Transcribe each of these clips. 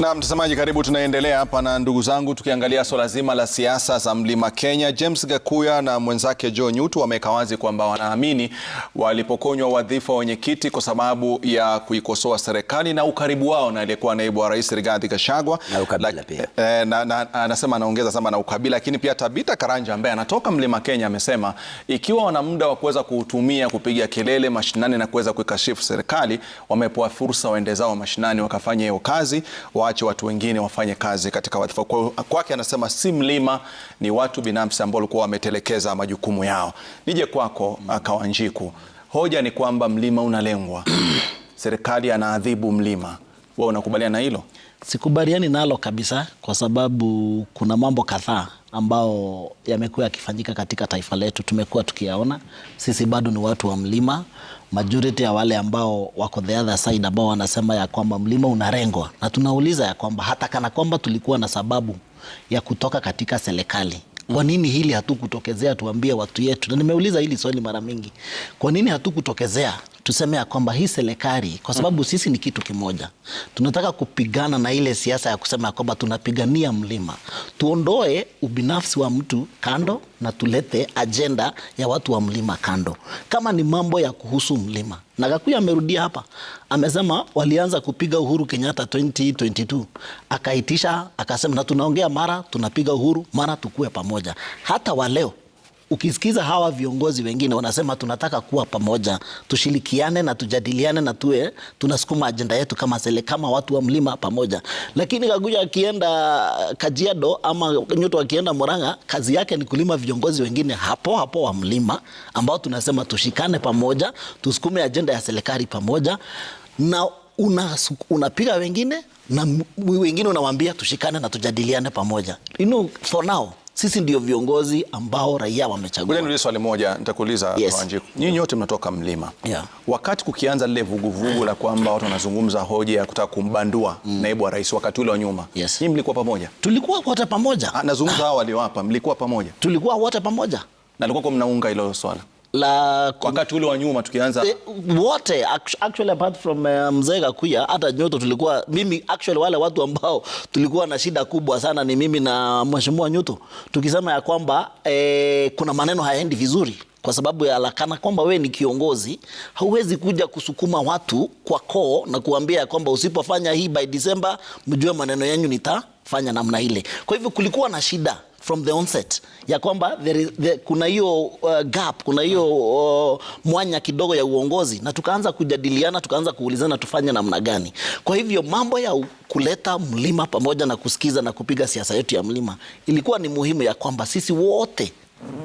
Na mtazamaji, karibu, tunaendelea hapa na ndugu zangu, tukiangalia swala zima la siasa za mlima Kenya. James Gakuya na mwenzake Joe Nyutu wameweka wazi kwamba wanaamini walipokonywa wadhifa wa wenyekiti kwa sababu ya kuikosoa serikali na ukaribu wao na aliyekuwa naibu wa rais Rigathi Gachagua, na eh, anasema anaongeza sama na ukabila. Lakini pia Tabita Karanja ambaye anatoka mlima Kenya amesema ikiwa wana muda wa kuweza kuutumia kupiga kelele mashinani na kuweza kuikashifu serikali, wamepewa fursa waende zao mashinani wakafanya hiyo kazi wa waache watu wengine wafanye kazi katika wadhifa. Kwake anasema si mlima, ni watu binafsi ambao walikuwa wametelekeza majukumu yao. Nije kwako Kawanjiku, hoja ni kwamba mlima unalengwa, serikali anaadhibu mlima wewe unakubaliana na hilo? Sikubaliani nalo kabisa, kwa sababu kuna mambo kadhaa ambao yamekuwa yakifanyika katika taifa letu, tumekuwa tukiyaona. Sisi bado ni watu wa mlima. Majority ya wale ambao wako the other side ambao wanasema ya kwamba mlima unarengwa, na tunauliza ya kwamba hata kana kwamba tulikuwa na sababu ya kutoka katika serikali kwa nini hili hatukutokezea tuambie watu yetu? Na nimeuliza hili swali mara mingi, kwa nini hatukutokezea tuseme ya kwamba hii serikali, kwa sababu sisi ni kitu kimoja, tunataka kupigana na ile siasa ya kusema ya kwamba tunapigania mlima. Tuondoe ubinafsi wa mtu kando na tulete ajenda ya watu wa mlima kando, kama ni mambo ya kuhusu mlima na Gakuyu amerudia hapa, amesema walianza kupiga Uhuru Kenyatta 2022 akaitisha, akasema na tunaongea mara tunapiga Uhuru mara tukue pamoja, hata waleo ukisikiza hawa viongozi wengine wanasema tunataka kuwa pamoja, tushirikiane na tujadiliane na tuwe tunasukuma ajenda yetu kama sele, kama watu wa mlima pamoja. Lakini Kaguya akienda Kajiado ama Nyoto akienda Murang'a, kazi yake ni kulima viongozi wengine hapo hapo wa mlima ambao tunasema tushikane pamoja, tusukume ajenda ya serikali pamoja na unapiga una wengine na wengine unawaambia tushikane na tujadiliane pamoja. You know, for now sisi ndio viongozi ambao raia wamechagua. Ngoja swali moja, nitakuuliza yes. Wanjiku, nyinyi nyote mnatoka mlima yeah. Wakati kukianza lile vuguvugu la kwamba watu wanazungumza hoja ya kutaka kumbandua mm. naibu wa rais wakati ule wa nyuma yes. Nyinyi mlikuwa pamoja? Tulikuwa wote pamoja. Ah, nazungumza hao walio hapa, mlikuwa pamoja? Tulikuwa wote pamoja na alikuwa mnaunga hilo swala la wakati ule wa nyuma tukianza eh, wote actually apart from uh, mzee Gakuya, hata nyoto tulikuwa mimi actually, wale watu ambao tulikuwa na shida kubwa sana ni mimi na mheshimiwa Nyuto, tukisema ya kwamba eh, kuna maneno hayaendi vizuri kwa sababu ya lakana kwamba we ni kiongozi, hauwezi kuja kusukuma watu kwa koo na kuambia kwamba usipofanya hii by December, mjue maneno yenyu nitafanya namna ile. Kwa hivyo kulikuwa na shida from the onset ya kwamba there is, there, kuna hiyo uh, gap kuna hiyo uh, mwanya kidogo ya uongozi, na tukaanza kujadiliana, tukaanza kuulizana tufanye namna gani. Kwa hivyo mambo ya kuleta mlima pamoja na kusikiza na kupiga siasa yetu ya mlima ilikuwa ni muhimu ya kwamba sisi wote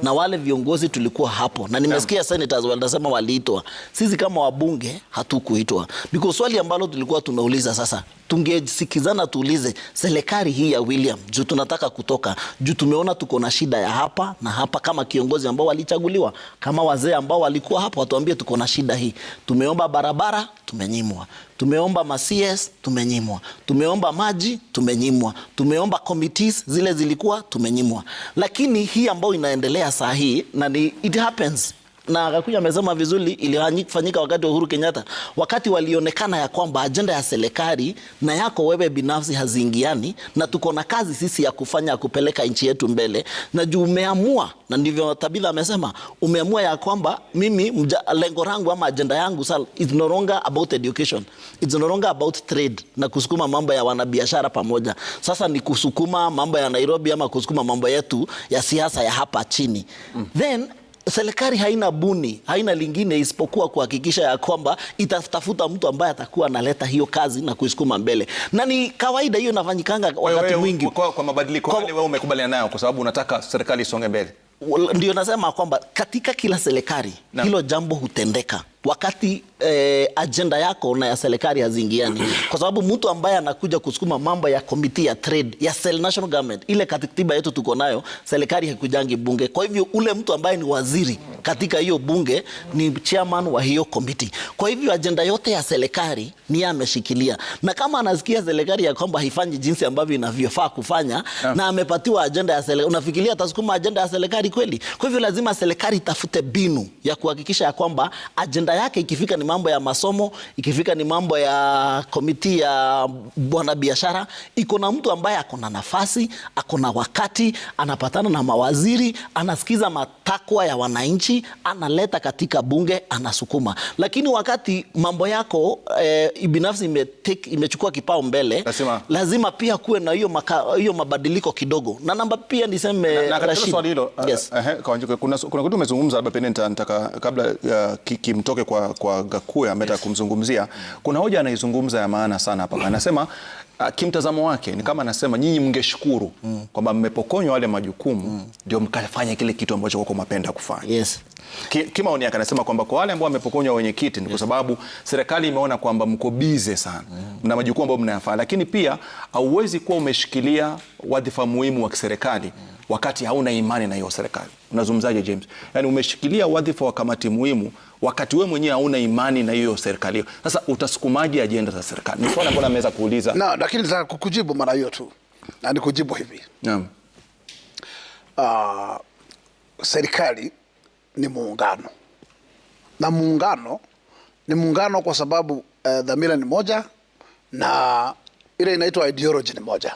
na wale viongozi tulikuwa hapo na nimesikia senators wanasema waliitwa. Sisi kama wabunge hatukuitwa, because swali ambalo tulikuwa tunauliza sasa, tungesikizana tuulize serikali hii ya William, juu tunataka kutoka juu, tumeona tuko na shida ya hapa na hapa. Kama kiongozi ambao walichaguliwa, kama wazee ambao walikuwa hapo, watuambie tuko na shida hii, tumeomba barabara tumenyimwa Tumeomba ma CS tumenyimwa, tumeomba maji tumenyimwa, tumeomba committees zile zilikuwa tumenyimwa, lakini hii ambayo inaendelea saa hii na ni, it happens na akakuja amesema vizuri, ilifanyika wakati wa Uhuru Kenyatta, wakati walionekana ya kwamba ajenda ya serikali na yako wewe binafsi haziingiani, na tuko na kazi sisi ya kufanya ya kupeleka nchi yetu mbele, na juu umeamua, na ndivyo Tabitha amesema, umeamua ya kwamba mimi mja, lengo langu ama ajenda yangu sal, it's no longer about education, it's no longer about trade na kusukuma mambo ya wanabiashara pamoja, sasa ni kusukuma mambo ya Nairobi ama kusukuma mambo yetu ya siasa ya hapa chini mm. then serikali haina buni, haina lingine isipokuwa kuhakikisha ya kwamba itatafuta mtu ambaye atakuwa analeta hiyo kazi na kuisukuma mbele, na ni kawaida hiyo inafanyikanga wakati mwingi. Kwa, kwa mabadiliko kwa... wewe umekubaliana nayo kwa sababu unataka serikali isonge mbele? Ndio nasema kwamba katika kila serikali hilo jambo hutendeka wakati eh, ajenda yako na ya serikali haziingiani, kwa sababu mtu ambaye anakuja kusukuma mambo ya komiti ya trade ya sel national government, ile katiba yetu tuko nayo, serikali haikujangi bunge. Kwa hivyo ule mtu ambaye ni waziri katika hiyo bunge ni chairman wa hiyo komiti. Kwa hivyo ajenda yote ya serikali ni ameshikilia, na kama anasikia serikali ya kwamba haifanyi jinsi ambavyo inavyofaa kufanya yeah, na amepatiwa ajenda ya serikali, unafikiria atasukuma ajenda ya serikali kweli? Kwa hivyo lazima serikali itafute binu ya kuhakikisha ya kwamba ajenda masuala yake, ikifika ni mambo ya masomo, ikifika ni mambo ya komiti ya bwana biashara, iko na mtu ambaye ako na nafasi, ako na wakati, anapatana na mawaziri, anasikiza matakwa ya wananchi, analeta katika bunge, anasukuma. Lakini wakati mambo yako e, binafsi imechukua kipao mbele, lazima, lazima pia kuwe na hiyo hiyo mabadiliko kidogo, na namba pia niseme na, na swali hilo yes. uh, uh, kuna, kuna kitu umezungumza labda pengine nitaka kabla uh, kimtoke kule kwa, kwa Gakue ambaye yes, kumzungumzia kuna hoja anaizungumza ya maana sana hapa. Mm. Anasema ah, kimtazamo wake ni kama anasema nyinyi mngeshukuru mm, kwamba mmepokonywa wale majukumu mm. ndio mm, mkafanya kile kitu ambacho kwako mapenda kufanya yes. Kimaoni yake anasema kwamba kwa wale ambao wamepokonywa wenyekiti ni kwa sababu serikali imeona kwamba mko bize sana, mm. mna majukumu ambayo mnayafanya, lakini pia hauwezi kuwa umeshikilia wadhifa muhimu wa kiserikali wakati hauna imani na hiyo serikali. Unazungumzaje James? Yani umeshikilia wadhifa wa kamati muhimu wakati wewe mwenyewe hauna imani na hiyo serikali. hiyo. Sasa utasukumaje ajenda za serikali? Ni swali ambalo naweza kuuliza na, lakini za kukujibu mara hiyo tu, na nikujibu hivi naam. Uh, serikali ni muungano na muungano ni muungano kwa sababu uh, dhamira ni moja na ile inaitwa ideology ni moja.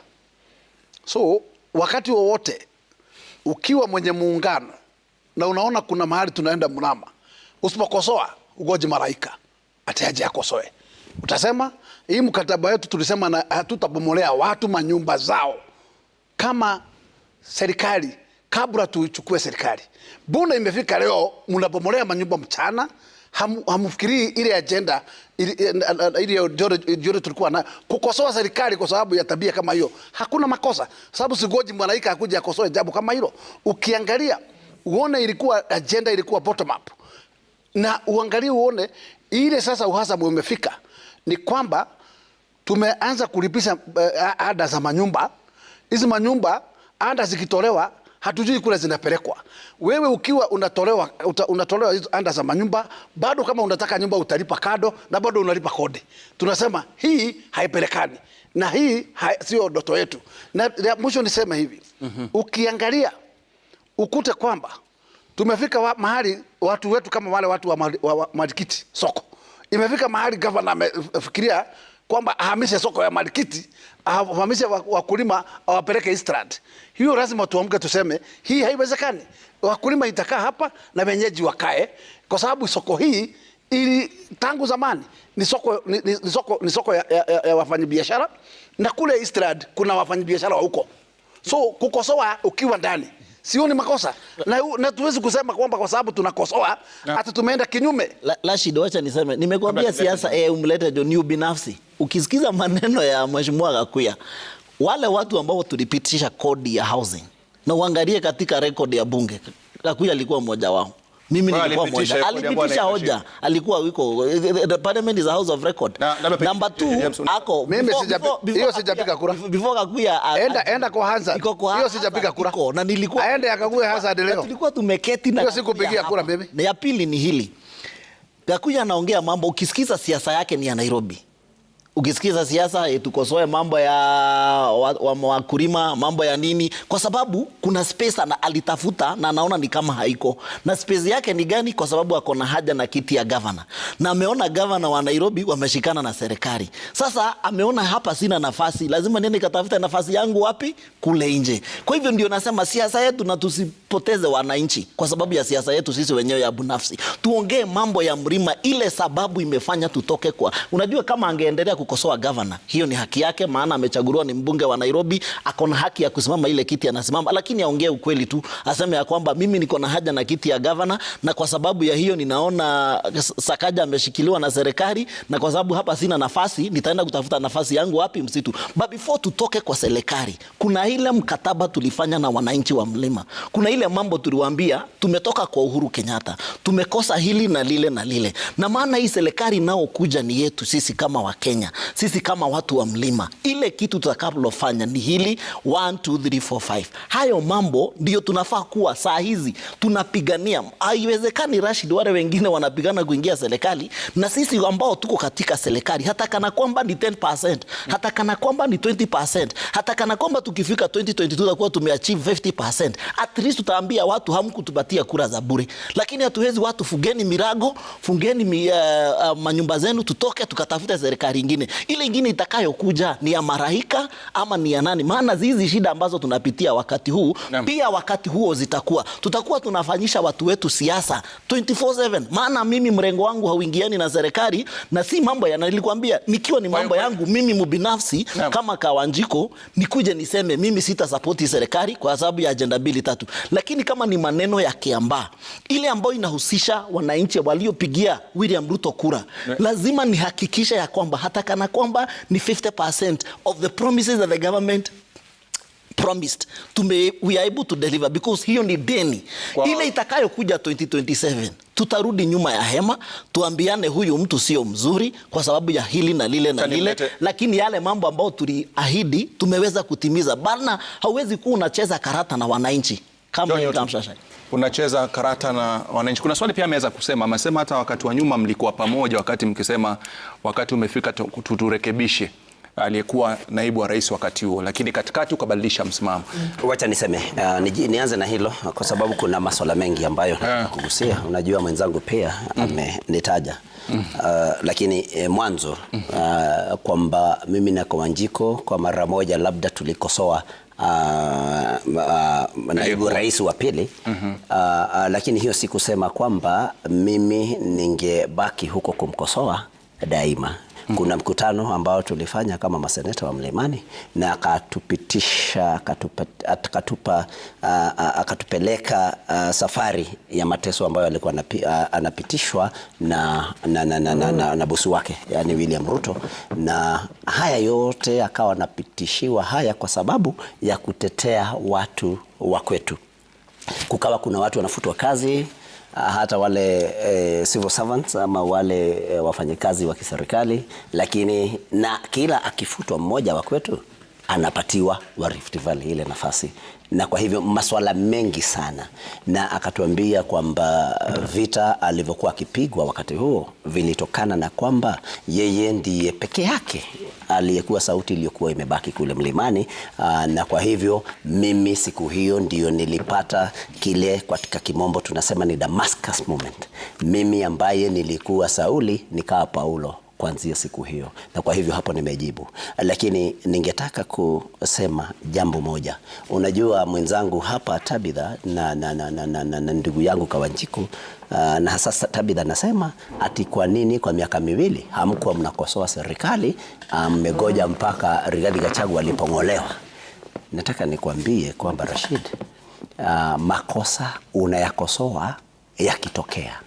So wakati wowote ukiwa mwenye muungano na unaona kuna mahali tunaenda mrama Usipokosoa ugoji malaika ataje akosoe. Utasema hii mkataba yetu tulisema na hatutabomolea watu manyumba zao. Kama serikali kabla tuichukue serikali, mbona imefika leo mnabomolea manyumba mchana? Ham, hamfikirii ile ajenda eh, ile tulikuwa na kukosoa serikali kwa sababu ya tabia kama hiyo. Hakuna makosa, sababu sigoji mwanaika akuja akosoe jambo kama hilo. Ukiangalia uone ilikuwa ajenda, ilikuwa bottom up na uangalie uone ile sasa uhasama umefika ni kwamba tumeanza kulipisha uh, ada za manyumba. Hizi manyumba ada zikitolewa, hatujui kule zinapelekwa. Wewe ukiwa unatolewa uta, unatolewa hizo ada za manyumba, bado kama unataka nyumba utalipa kado na bado unalipa kodi. Tunasema hii haipelekani na hii hai, sio ndoto yetu. Na mwisho niseme hivi mm -hmm. Ukiangalia ukute kwamba Tumefika wa, mahali watu wetu kama wale watu wa, wa, wa Marikiti soko, imefika mahali gavana amefikiria kwamba ahamishe soko ya Marikiti, ahamishe wakulima, wa awapeleke Eastland. Hiyo lazima tuamke tuseme hii haiwezekani. Wakulima itakaa hapa na wenyeji wakae, kwa sababu soko hii ili tangu zamani ni soko, ni, ni soko, ni soko ya, ya, ya wafanyabiashara na kule Eastland kuna wafanyabiashara wa huko, so kukosoa ukiwa ndani sioni makosa na, na tuwezi kusema kwamba kwa sababu tunakosoa hata tumeenda kinyume. Rashid, wacha niseme, nimekuambia siasa eh, umlete jo Yu binafsi. Ukisikiza maneno ya mheshimiwa Gakuya, wale watu ambao tulipitisha kodi ya housing na uangalie katika rekodi ya bunge, Gakuya alikuwa mmoja wao mimi nilikuwa mmoja, alipitisha hoja, alikuwa wiko eh, the parliament is a house of record. Number 2 ako hiyo, sijapiga kura before Kakuya, ah, enda ah, enda kwa hansa hiyo sijapiga kura na nilikuwa aende akague Hanza leo, tulikuwa tumeketi na hiyo sikupigia kura mimi. Na ya pili ni hili, Kakuya anaongea mambo, ukisikiza siasa yake ni ya Nairobi ukisikiza siasa eh, tukosoe mambo ya wakulima wa wa mambo ya nini, kwa sababu kuna space na alitafuta na anaona ni kama haiko na space yake ni gani, kwa sababu ako na haja na kiti ya gavana, na ameona gavana wa Nairobi wameshikana na serikali. Sasa ameona hapa sina nafasi, lazima niende katafuta nafasi yangu wapi? Kule nje. Kwa hivyo ndio nasema siasa yetu, na tusipoteze wananchi kwa sababu ya siasa yetu sisi wenyewe ya binafsi. Tuongee mambo ya mlima, ile sababu imefanya tutoke kwa, unajua kama angeendelea kukosoa gavana, hiyo ni haki yake, maana amechaguliwa, ni mbunge wa Nairobi, ako na haki ya kusimama ile kiti anasimama, lakini aongee ukweli tu, aseme ya kwamba mimi niko na haja na kiti ya gavana, na kwa sababu ya hiyo ninaona Sakaja ameshikiliwa na serikali, na kwa sababu hapa sina nafasi, nitaenda kutafuta nafasi yangu wapi? Msitu. But before tutoke kwa serikali, kuna ile mkataba tulifanya na wananchi wa mlima, kuna ile mambo tuliwaambia, tumetoka kwa Uhuru Kenyatta, tumekosa hili na lile na lile, na maana hii serikali nao kuja ni yetu sisi kama Wakenya kufanya sisi kama watu wa mlima, ile kitu tutakaplofanya ni hili 1 2 3 4 5. Hayo mambo ndio tunafaa kuwa saa hizi tunapigania. Haiwezekani Rashid, wale wengine wanapigana kuingia serikali na sisi ambao tuko katika serikali, hata kana kwamba ni 10%, hata kana kwamba ni 20%, hata kana kwamba tukifika 2022 tutakuwa tumeachieve 50%, at least tutaambia watu hamkutupatia kura za bure, lakini hatuwezi watu, fungeni mirago, fungeni mi, uh, uh, manyumba zenu, tutoke tukatafute serikali nyingine ingine. Ile ingine itakayokuja ni ya maraika ama ni ya nani? Maana hizi shida ambazo tunapitia wakati huu Nam. pia wakati huo zitakuwa, tutakuwa tunafanyisha watu wetu siasa 24/7. Maana mimi mrengo wangu hauingiani na serikali na si mambo yanalikwambia, nikiwa ni mambo yangu mimi mbinafsi kama Kawanjiko, nikuje niseme mimi sita sitasapoti serikali kwa sababu ya ajenda mbili tatu, lakini kama ni maneno ya kiamba ile ambayo inahusisha wananchi waliopigia William Ruto kura, lazima nihakikisha ya kwamba hata kana kwamba ni 50% of the promises that the government promised tume we are able to deliver because hiyo ni deni wow. Ile itakayokuja 2027 tutarudi nyuma ya hema tuambiane, huyu mtu sio mzuri kwa sababu ya hili na lile na lile, lakini yale mambo ambayo tuliahidi tumeweza kutimiza bana. Hauwezi kuwa unacheza karata na wananchi unacheza karata na wananchi. Kuna swali pia ameweza kusema, amesema hata wakati wa nyuma mlikuwa pamoja, wakati mkisema wakati umefika tuturekebishe aliyekuwa naibu wa rais wakati huo, lakini katikati ukabadilisha msimamo. Mm. Wacha niseme uh, ni, nianze na hilo kwa sababu kuna masuala mengi ambayo nataka eh. kugusia. Unajua mwenzangu pia mm. amenitaja mm. uh, lakini eh, mwanzo mm. uh, kwamba mimi na Wanjiko kwa mara moja labda tulikosoa uh, naibu rais wa pili uh uh, lakini hiyo si kusema kwamba mimi ningebaki huko kumkosoa daima. Kuna mkutano ambao tulifanya kama maseneta wa Mlimani na akatupitisha akatupa, akatupa, akatupeleka safari ya mateso ambayo alikuwa anapitishwa na, na, na, na, na, na, na bosi wake yani William Ruto, na haya yote akawa anapitishiwa haya kwa sababu ya kutetea watu wa kwetu. Kukawa kuna watu wanafutwa kazi hata wale e, civil servants ama wale e, wafanyikazi wa kiserikali, lakini na kila akifutwa mmoja wa kwetu anapatiwa wa Rift Valley ile nafasi, na kwa hivyo masuala mengi sana, na akatuambia kwamba vita alivyokuwa akipigwa wakati huo vilitokana na kwamba yeye ndiye peke yake aliyekuwa sauti iliyokuwa imebaki kule mlimani. Aa, na kwa hivyo mimi siku hiyo ndiyo nilipata kile katika kimombo tunasema ni Damascus moment. Mimi ambaye nilikuwa Sauli nikawa Paulo kuanzia siku hiyo, na kwa hivyo hapo nimejibu, lakini ningetaka kusema jambo moja. Unajua mwenzangu hapa Tabitha na, na, na, na, na, na, na ndugu yangu Kawanjiku uh, na sasa Tabitha nasema ati kwa nini kwa miaka miwili hamkuwa mnakosoa serikali, ah, mmegoja um, mpaka Rigathi Gachagua alipong'olewa? Nataka nikuambie kwamba Rashid, uh, makosa unayakosoa yakitokea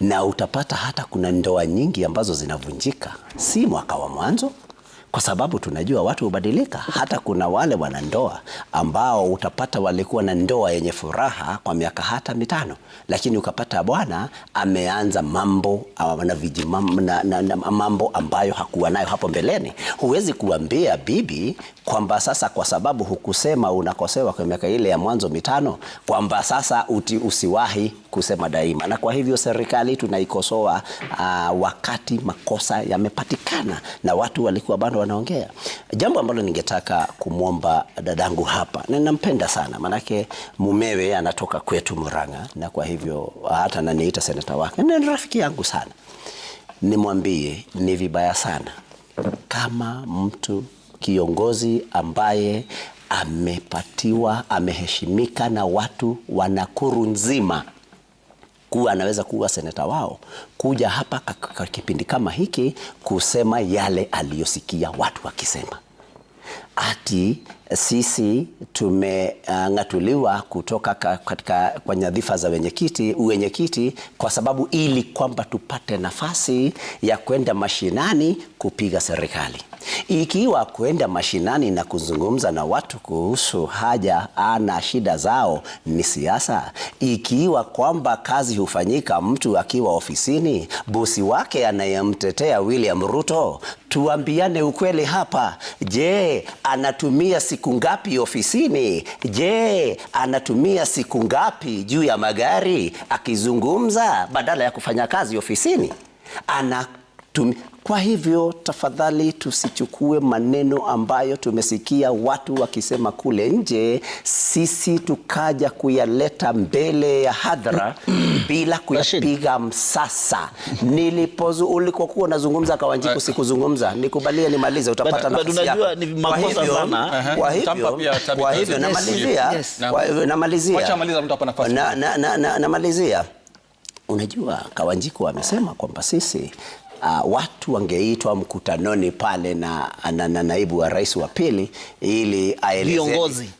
na utapata hata kuna ndoa nyingi ambazo zinavunjika, si mwaka wa mwanzo, kwa sababu tunajua watu hubadilika. Hata kuna wale wanandoa ambao utapata walikuwa na ndoa yenye furaha kwa miaka hata mitano, lakini ukapata bwana ameanza mambo na vijimambo na, na, na, mambo ambayo hakuwa nayo hapo mbeleni. Huwezi kuambia bibi kwamba sasa kwa sababu hukusema unakosewa kwa miaka ile ya mwanzo mitano kwamba sasa uti usiwahi kusema daima. Na kwa hivyo serikali tunaikosoa uh, wakati makosa yamepatikana na watu walikuwa bado wanaongea. Jambo ambalo ningetaka kumwomba dadangu hapa, na ninampenda sana manake mumewe anatoka kwetu Murang'a, na kwa hivyo hata naniita seneta wake na rafiki yangu sana, nimwambie ni vibaya sana kama mtu kiongozi ambaye amepatiwa ameheshimika na watu wa Nakuru nzima kuwa anaweza kuwa seneta wao kuja hapa kwa kipindi kama hiki kusema yale aliyosikia watu wakisema ati sisi tumeng'atuliwa kutoka katika kwa nyadhifa za wenyekiti, uwenyekiti kwa sababu ili kwamba tupate nafasi ya kwenda mashinani kupiga serikali, ikiwa kwenda mashinani na kuzungumza na watu kuhusu haja ana shida zao ni siasa, ikiwa kwamba kazi hufanyika mtu akiwa ofisini, bosi wake anayemtetea William Ruto, tuambiane ukweli hapa. Je, anatumia si siku ngapi ofisini? Je, anatumia siku ngapi juu ya magari akizungumza badala ya kufanya kazi ofisini? Ana tumi. Kwa hivyo tafadhali, tusichukue maneno ambayo tumesikia watu wakisema kule nje, sisi tukaja kuyaleta mbele ya hadhara bila kuyapiga msasa. Nilipozu ulikokuwa unazungumza Kawanjiku, eh. sikuzungumza, nikubalie nimalize, utapata nafasi yako. Kwa hivyo namalizia, unajua Kawanjiku amesema kwamba sisi uh, watu wangeitwa mkutanoni pale na, na, na naibu wa rais wa pili ili eh, eh,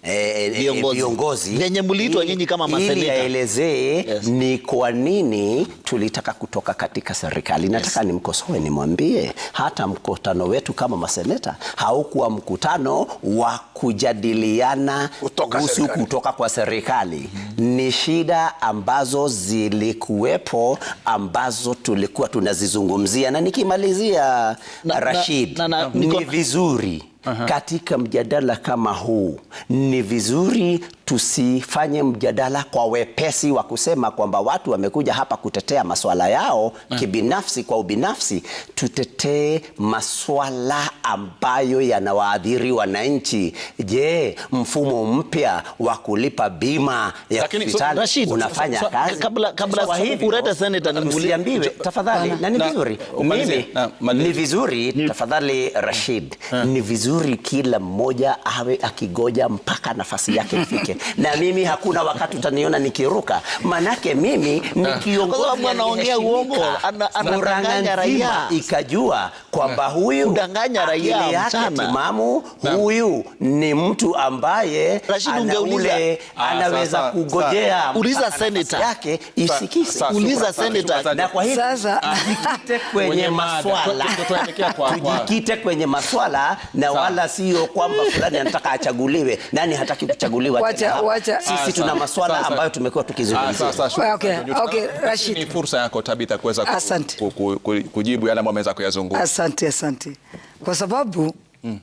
eh, viongozi venye mliitwa nyinyi kama maseneta ili aelezee yes. Ni kwa nini tulitaka kutoka katika serikali. Nataka yes. Nimkosoe, nimwambie hata mkutano wetu kama maseneta haukuwa mkutano wa kujadiliana kuhusu kutoka kwa serikali mm -hmm ni shida ambazo zilikuwepo ambazo tulikuwa tunazizungumzia, na nikimalizia na, Rashid na, na, na, ni vizuri -huh. Katika mjadala kama huu ni vizuri tusifanye mjadala kwa wepesi wa kusema kwamba watu wamekuja hapa kutetea maswala yao mm. kibinafsi kwa ubinafsi. Tutetee maswala ambayo yanawaathiri wananchi. Je, mfumo mpya wa kulipa bima ya hospitali unafanya kazi? Kabla kabla niambiwe tafadhali, na ni vizuri mimi, ni vizuri tafadhali, Rashid, mm. ni vizuri kila mmoja awe akigoja mpaka mpaka nafasi yake ifike. na mimi hakuna wakati utaniona nikiruka, manake mimi ni ah. kiongozi anaongea uongo, anadanganya raia ikajua kwamba ah. huyu udanganya raia timamu, huyu ni mtu ambaye ana ule ah, anaweza kugojea uliza senator yake isikise, uliza senator. Na kwa hivyo sasa tujikite kwenye maswala tujikite kwenye maswala na wala sio kwamba fulani anataka achaguliwe nani hataki kuchaguliwa tena. wacha. Sisi ah, tuna maswala ambayo tumekuwa tukizungumzia. Ah, okay, okay, Rashid. Ni fursa yako Tabitha kuweza ku, kujibu yale ambayo ameweza kuyazungumza. Asante, asante kwa sababu mm.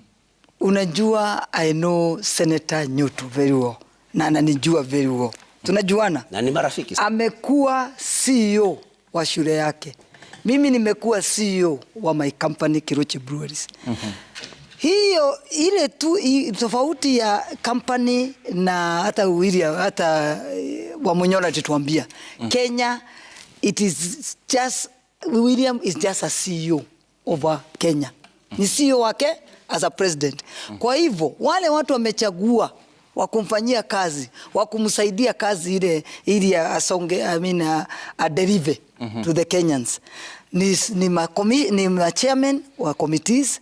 Unajua, I know Senator Nyutu very well na ananijua very well, tunajuana na ni marafiki. Amekuwa CEO wa shule yake, mimi nimekuwa CEO wa my company Kirochi Breweries mm -hmm hiyo ile tu tofauti ya kampani na hata William, hata eh, Wamunyola alituambia mm. Kenya it is just William is just a CEO over Kenya mm. ni CEO wake as a president mm. Kwa hivyo wale watu wamechagua wa kumfanyia kazi wa kumsaidia kazi ile ili asonge, I mean, deliver mm -hmm. to the Kenyans ni, ni, ma, ni ma chairman wa committees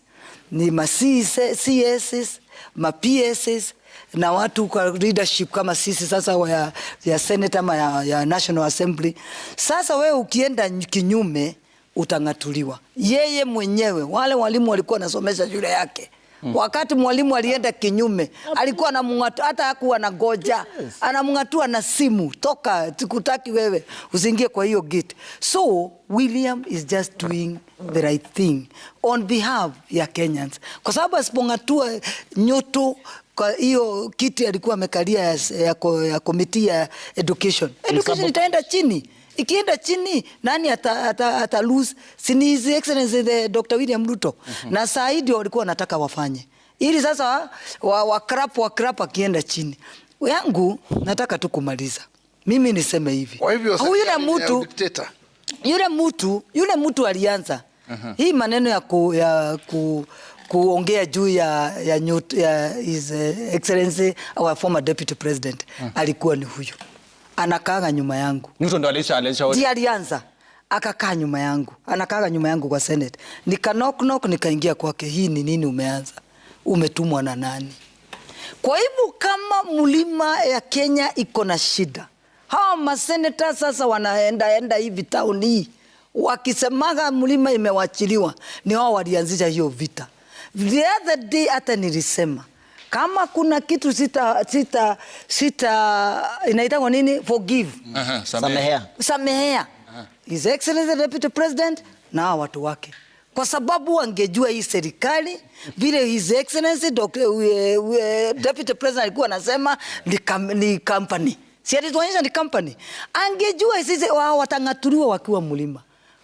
ni ma CS, ma PS na watu kwa leadership kama sisi sasa ya, ya Senate ama ya, ya National Assembly. Sasa wewe ukienda kinyume utang'atuliwa. Yeye mwenyewe wale walimu walikuwa wanasomesha shule yake Hmm. Wakati mwalimu alienda kinyume, alikuwa anamngatua, hata hakuwa na goja, anamngatua na simu, toka, sikutaki wewe usiingie kwa hiyo gate. So William is just doing the right thing on behalf ya Kenyans, kwa sababu asipong'atua nyoto kwa hiyo kiti alikuwa amekalia ya, ya, ya komiti ya education, education itaenda chini. Ikienda chini nani ata, ata, ata lose? Sini His Excellency the Dr. William Ruto mm -hmm. na saa walikuwa wanataka wafanye ili sasa wa, wa crap wa crap akienda chini yangu, nataka tu kumaliza mimi niseme hivi, yule mtu yule mtu yule mtu alianza uh -huh. Hii maneno ya, ku, ya ku, kuongea juu ya, ya, nyut, ya His eh, Excellency our former deputy president uh -huh. Alikuwa ni huyu anakaaga nyuma yangu, ndiye alianza akakaa nyuma yangu, anakaaga nyuma yangu kwa Senate, nika knock knock, nikaingia kwake. Hii ni nini? Umeanza, umetumwa na nani? Kwa hivyo kama mlima ya Kenya iko na shida, hawa maseneta sasa wanaendaenda hivi tauni hii wakisemaga mlima imewachiliwa, ni wao walianzisha hiyo vita. The other day hata nilisema kama kuna kitu sita, sita, sita inaitangwa nini forgive, samehea, samehea. His Excellency Deputy President na watu wake kwa sababu wangejua hii serikali vile His Excellency Doctor, we, eh, eh, eh, Deputy President alikuwa anasema ni, kam, ni company si alituonyesha ni company, angejua sisi wao watangaturiwa wakiwa mlima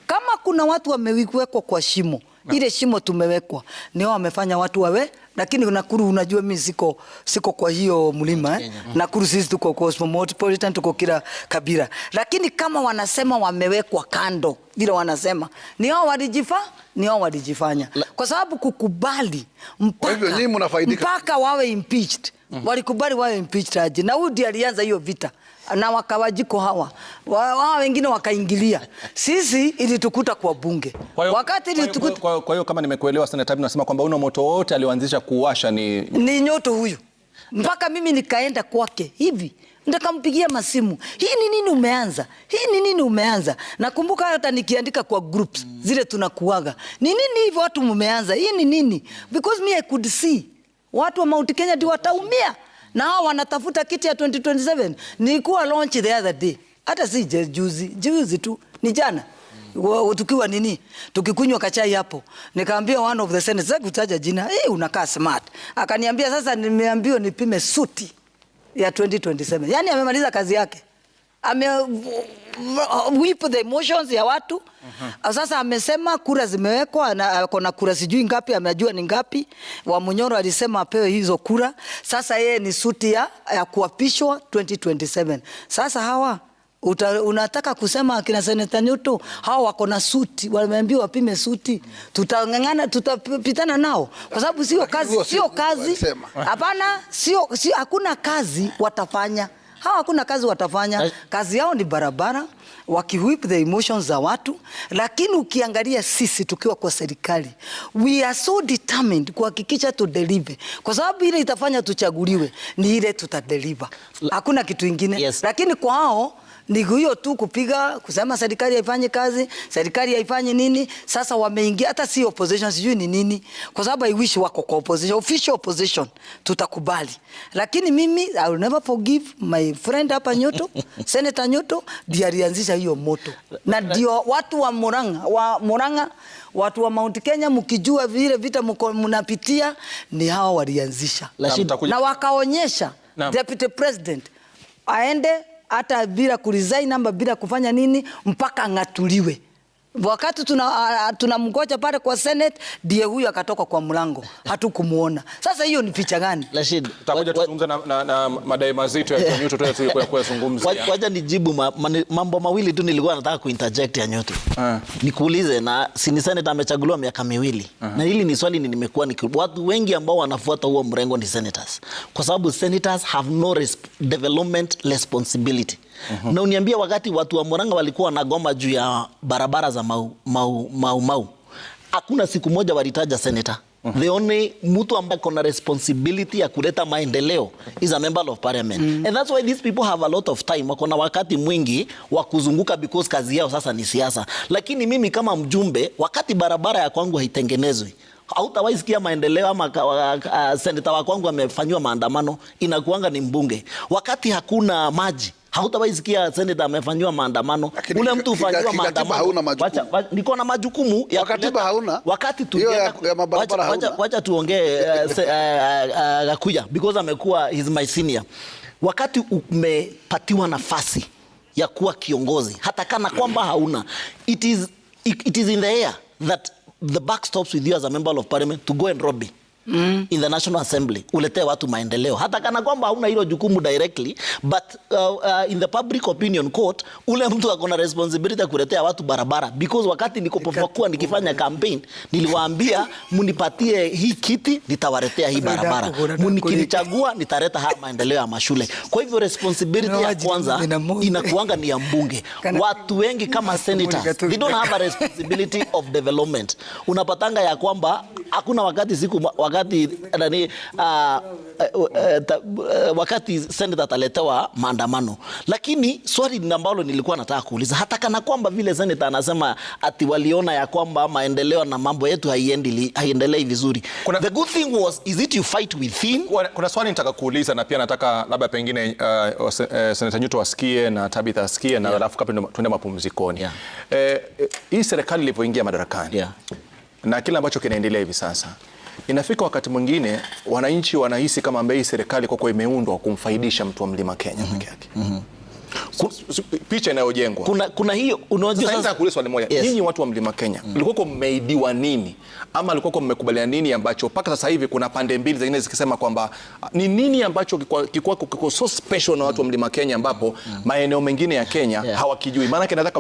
kama kuna watu wamewekwa kwa shimo na. ile shimo tumewekwa ni wamefanya watu wawe, lakini Nakuru, unajua mimi siko siko kwa hiyo mlima eh. Nakuru sisi tuko cosmopolitan, tuko kila kabila, lakini kama wanasema wamewekwa kando, vile wanasema ni wao walijifa, ni wao walijifanya, kwa sababu kukubali mpaka, mpaka wawe impeached, mm -hmm. walikubali wawe impeached aje, na Uhuru alianza hiyo vita na wakawajiko hawa wao wengine wakaingilia. Sisi ilitukuta kwa bunge kwayo, wakati ilitukuta kwa hiyo kama nimekuelewa sana tabii, nasema kwamba una moto wote alioanzisha kuwasha ni ni nyoto huyu, mpaka mimi nikaenda kwake hivi ndakampigia masimu, hii ni nini umeanza? Hii ni nini umeanza? Nakumbuka hata nikiandika kwa groups zile tunakuaga, ni nini hivyo watu mmeanza, hii ni nini? Because me I could see watu wa Mount Kenya ndio wataumia nao wanatafuta kiti ya 2027 nilikuwa launch the other day, hata si juzi juzi tu ni jana mm. tukiwa nini tukikunywa kachai hapo, nikaambia one of the senators kutaja jina eh, unakaa smart. Akaniambia sasa, nimeambiwa nipime suti ya 2027 yani amemaliza kazi yake ame ah, uh, wipo emotions ya watu uh -huh. Ah, sasa amesema kura zimewekwa na ah, kuna kura sijui ngapi, amejua ni ngapi. Wamunyoro alisema apewe hizo kura. Sasa yeye ni suti ya, ya kuapishwa 2027. Sasa hawa Uta, unataka kusema akina Seneta Nyuto hawa wako na suti, wameambiwa wapime suti, tutang'ang'ana, tutapitana nao kwa sababu sio kazi, sio kazi, hapana, sio, hakuna kazi watafanya hawa hakuna kazi watafanya. Kazi yao ni barabara, wakihwip the emotions za watu. Lakini ukiangalia sisi tukiwa kwa serikali, we are so determined kuhakikisha tu deliver, kwa sababu ile itafanya tuchaguliwe ni ile tutadeliver, hakuna kitu ingine. Yes. Lakini kwa hao ni hiyo tu kupiga kusema serikali haifanyi kazi, serikali haifanyi nini. Sasa wameingia hata si opposition, sijui ni nini, kwa sababu I wish wako kwa opposition, official opposition tutakubali, lakini mimi I will never forgive my friend hapa Nyoto Senator Nyoto ndiye alianzisha hiyo moto, na ndio watu wa Murang'a wa Murang'a, watu wa Mount Kenya, mkijua vile vita mko mnapitia, ni hawa walianzisha na wakaonyesha Deputy President aende hata bila kuresign namba bila kufanya nini mpaka ng'atuliwe wakati tunamgoja tuna pale kwa Senate, ndiye huyu akatoka kwa mlango, hatukumwona. Sasa hiyo ni picha gani? Rashid, tutakuja tuzungumza na, na, na madai mazito ya Newto tutayazungumzia. Wacha nijibu ma, mambo mawili tu nilikuwa nataka kuinterject ya Newto. Ah. Nikuulize na sini Senate amechaguliwa miaka miwili. Uh ah. -huh. Na hili ni swali ni nimekuwa ni watu wengi ambao wanafuata huo mrengo ni senators. Kwa sababu senators have no res development responsibility. -hmm. Na uniambia wakati watu wa Murang'a walikuwa wanagoma juu ya barabara za Mau Mau Mau, Mau. Hakuna siku moja walitaja senator. Mm -hmm. The only mtu ambaye kona responsibility ya kuleta maendeleo is a member of parliament. Mm -hmm. And that's why these people have a lot of time. Wako na wakati mwingi wa kuzunguka because kazi yao sasa ni siasa. Lakini mimi kama mjumbe, wakati barabara ya kwangu haitengenezwi, hautawahi sikia maendeleo ama uh, seneta wa kwangu amefanywa maandamano, inakuanga ni mbunge. Wakati hakuna maji hautawahi sikia seneta amefanyiwa maandamano. Ule mtu ufanyiwa maandamano, niko na majukumu ya katiba hauna wakati tu wacha tuongee Gakuya eh, eh, eh, because amekuwa he's my senior. Wakati umepatiwa nafasi ya kuwa kiongozi hata kana kwamba hauna, it is, it is in the air that the buck stops with you as a member of parliament to go and lobby Mm. In the National Assembly uletee watu maendeleo hata kana kwamba hauna hilo jukumu directly but uh, uh, in the public opinion court ule mtu akona responsibility ya kuletea watu barabara because wakati nikopofakuwa nikifanya campaign niliwaambia mnipatie hii kiti nitawaletea hii barabara, mnikinichagua nitaleta haya maendeleo ya mashule. Kwa hivyo responsibility ya kwanza inakuanga ni ya mbunge. Watu wengi kama senators they don't have a responsibility of development. Unapatanga ya kwamba hakuna wakati siku wa wakati nani, uh, uh, uh, uh, wakati senator ataletewa maandamano. Lakini swali ambalo nilikuwa nataka kuuliza, hata kana kwamba vile senator anasema ati waliona ya kwamba maendeleo na mambo yetu haiendelei haiendelei vizuri, kuna, the good thing was is it you fight within. Kuna swali nitaka kuuliza na pia nataka labda pengine uh, uh, senator Nyuto asikie na Tabitha asikie na alafu yeah. tuende mapumzikoni yeah. Eh, hii serikali ilipoingia madarakani yeah. na kile ambacho kinaendelea hivi sasa Inafika wakati mwingine wananchi wanahisi kama ambaye serikali kwa kweli imeundwa kumfaidisha mtu wa mlima Kenya peke yake. mm -hmm. Picha inayojengwa kuna, kuna hiyo unajua sasa kuuliza swali moja. Yes. Nyinyi watu wa mlima Kenya mm -hmm. mmeidiwa nini ama mlikuwa mmekubaliana nini ambacho mpaka sasa hivi kuna pande mbili zingine zikisema kwamba ah, ni nini ambacho kiko so special na watu wa mlima Kenya ambapo mm -hmm. maeneo mengine ya Kenya yeah. hawakijui maana kinataka